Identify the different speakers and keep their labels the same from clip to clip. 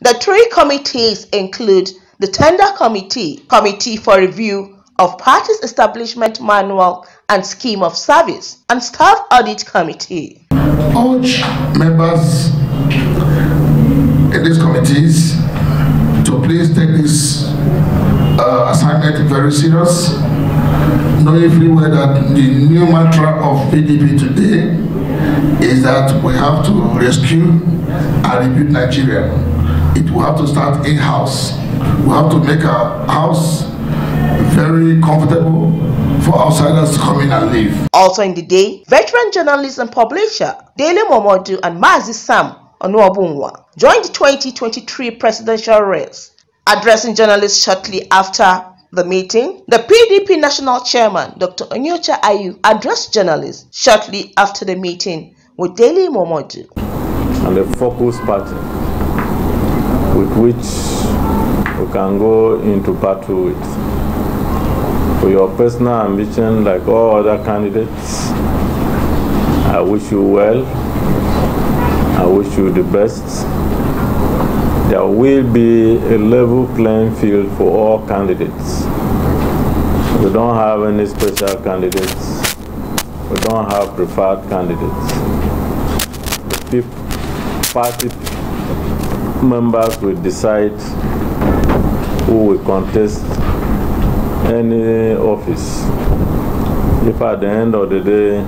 Speaker 1: The three committees include the Tender Committee, Committee for Review of Parties Establishment Manual and Scheme of Service, and Staff Audit Committee. Urge members in these
Speaker 2: committees to please take this uh, assignment very serious, knowing very well that the new mantra of PDP today is that we have to rescue and rebuild Nigeria it will have to start in-house. We have to make our house very comfortable for outsiders to come in and live.
Speaker 1: Also in the day, veteran journalist and publisher Daily Momodu and Mazi Sam Onuobunwa joined the 2023 presidential race. Addressing journalists shortly after the meeting, the PDP national chairman, Dr. Onyocha Ayu, addressed journalists shortly after the meeting with Daily Momodu.
Speaker 3: And the focus party with which we can go into battle with. For your personal ambition, like all other candidates, I wish you well. I wish you the best. There will be a level playing field for all candidates. We don't have any special candidates. We don't have preferred candidates. The party members will decide who will contest any office. If at the end of the day,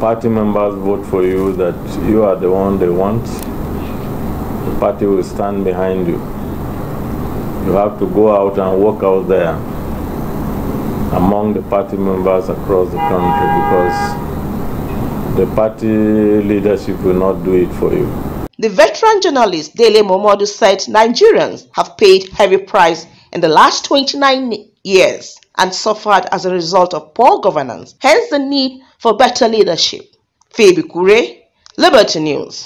Speaker 3: party members vote for you that you are the one they want, the party will stand behind you. You have to go out and walk out there among the party members across the country because the party leadership will not do it for you.
Speaker 1: The veteran journalist Dele Momodu said Nigerians have paid heavy price in the last 29 years and suffered as a result of poor governance, hence the need for better leadership. Phoebe Kure, Liberty News.